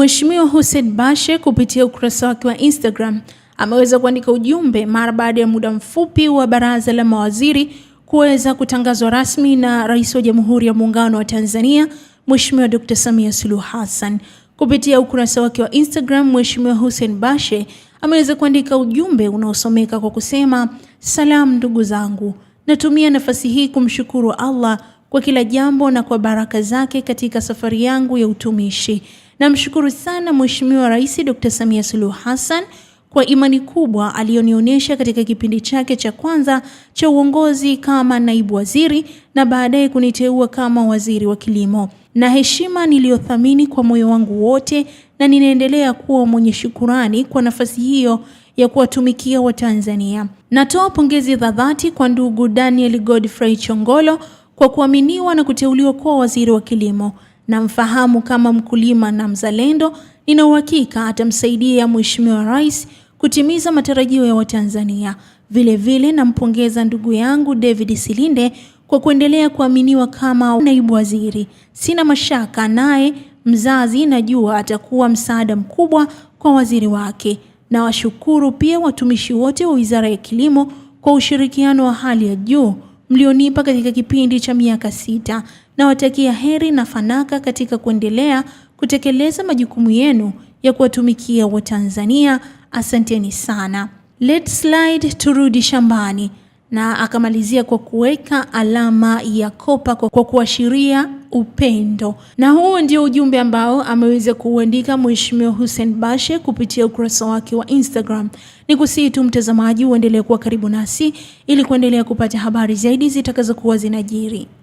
Mheshimiwa Hussein Bashe kupitia ukurasa wake wa Instagram ameweza kuandika ujumbe mara baada ya muda mfupi wa baraza la mawaziri kuweza kutangazwa rasmi na Rais wa Jamhuri ya Muungano wa Tanzania Mheshimiwa Dr. Samia Suluhu Hassan. Kupitia ukurasa wake wa Instagram, Mheshimiwa Hussein Bashe ameweza kuandika ujumbe unaosomeka kwa kusema, salamu ndugu zangu, natumia nafasi hii kumshukuru Allah kwa kila jambo na kwa baraka zake katika safari yangu ya utumishi. Namshukuru sana Mheshimiwa Rais Dr. Samia Suluhu Hassan kwa imani kubwa aliyonionyesha katika kipindi chake cha kwanza cha uongozi kama naibu waziri na baadaye kuniteua kama waziri wa kilimo, na heshima niliyothamini kwa moyo wangu wote, na ninaendelea kuwa mwenye shukurani kwa nafasi hiyo ya kuwatumikia Watanzania. Natoa pongezi za dhati kwa ndugu Daniel Godfrey Chongolo kwa kuaminiwa na kuteuliwa kuwa waziri wa kilimo. Namfahamu kama mkulima na mzalendo, nina uhakika atamsaidia Mheshimiwa Rais kutimiza matarajio ya Watanzania. Vilevile nampongeza ndugu yangu David Silinde kwa kuendelea kuaminiwa kama naibu waziri. Sina mashaka naye mzazi, najua atakuwa msaada mkubwa kwa waziri wake. Nawashukuru pia watumishi wote wa Wizara ya Kilimo kwa ushirikiano wa hali ya juu mlionipa katika kipindi cha miaka sita. Nawatakia heri na fanaka katika kuendelea kutekeleza majukumu yenu ya kuwatumikia Watanzania. Asanteni sana. Let's slide turudi shambani na akamalizia kwa kuweka alama ya kopa kwa kuashiria upendo. Na huu ndio ujumbe ambao ameweza kuuandika Mheshimiwa Hussein Bashe kupitia ukurasa wake wa Instagram. Ni kusihi tu mtazamaji uendelee kuwa karibu nasi ili kuendelea kupata habari zaidi zitakazokuwa zinajiri.